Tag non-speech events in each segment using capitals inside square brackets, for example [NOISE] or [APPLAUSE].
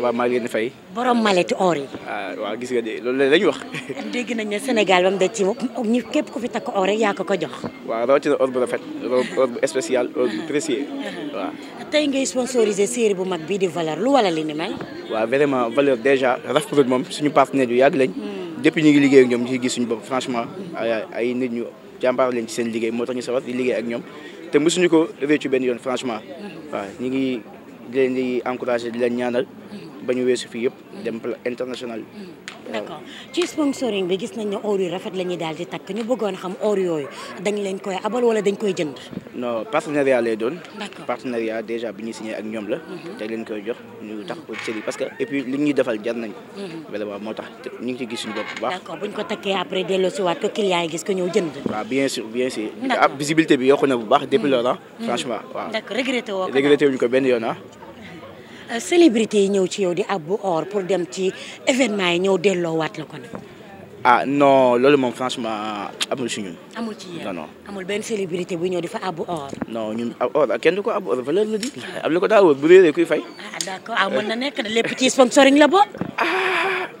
ça maa ngi leen di fay. borom maletu or yi. ah gis nga de loolu la ñu wax. [LAUGHS] dégg nañ ne Sénégal ba mu des ci ñu képp ku fi takk or rek yaa ko ko jox. waaw rawatina or bu rafet. or bu spécial or bu précieux waaw. tey ngay sponsorisé série bu mag bii di valeur lu wala li ni mel. waaw vraiment valeur déjà Rafet moom suñu partenaire yu yàgg lañ. Hmm. depuis ñu ngi liggéey ñoom ñu ngi gis ñu bopp franchement ay nit ñu jàmbaar lañ ci seen liggéey moo tax ñu sawar di liggéey ak ñoom te mosuñu ko réccu benn yoon franchement hmm. waaw ñu ngi leen di leen ñaanal ba ñu weesu fii yëpp dem international bi. Mm. d'accord ci sponsoring bi gis nañ ne or yu rafet la ñuy daal di takk ñu bëggoon xam or yooyu dañ leen koy abal wala dañ koy jënd. non partenariat lay doon. d'accord partenariat déjà bi ñu si signé ak ñoom la. Mm-hmm. te leen koy jox ñu tax ko série parce que et puis ñuy defal jar nañ mm-hmm. vraiment moo tax ñu ngi ci gis suñu bopp bu baax. d'accord buñ ko takkee après delloosiwaat ko client yi gis ko ñëw jënd. waaw bien sûr bien sûr. Ah, visibilité bi yokku na bu baax depuis mm-hmm. lors franchement waaw. d'accord regretté woo ko benn yoon célébrité yi ñëw ci yow di abbu or pour dem ci événement yi ñëw delloowaat la ko nag. ah loolu moom franchement amul si ñun. amul ci yéen non non. amul benn célébrité bu ñëw di fa abbu or. non ñun or ah, kenn du ko abbu or valeur la di. ab li ko daal wër bu réeree kuy fay. ah d'accord ah a na nekk lépp ci sponsoring la bo.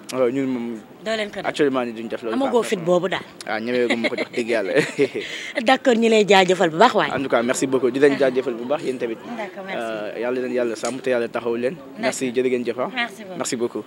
Euh, ñun moom. doo leen ko def actuellement nii duñ def fit boobu daa waaw ah, ñëwee ma ko jox dëgg yàlla. [LAUGHS] d' accord ñu lay jaajëfal bu baax waay. en tout cas merci beaucoup di leen [LAUGHS] jaajëfal bu baax yéen tamit. d' accord merci euh, yàlla leen yàlla sàmm yàlla taxaw leen. merci jërë jafa jëf ah. merci beaucoup.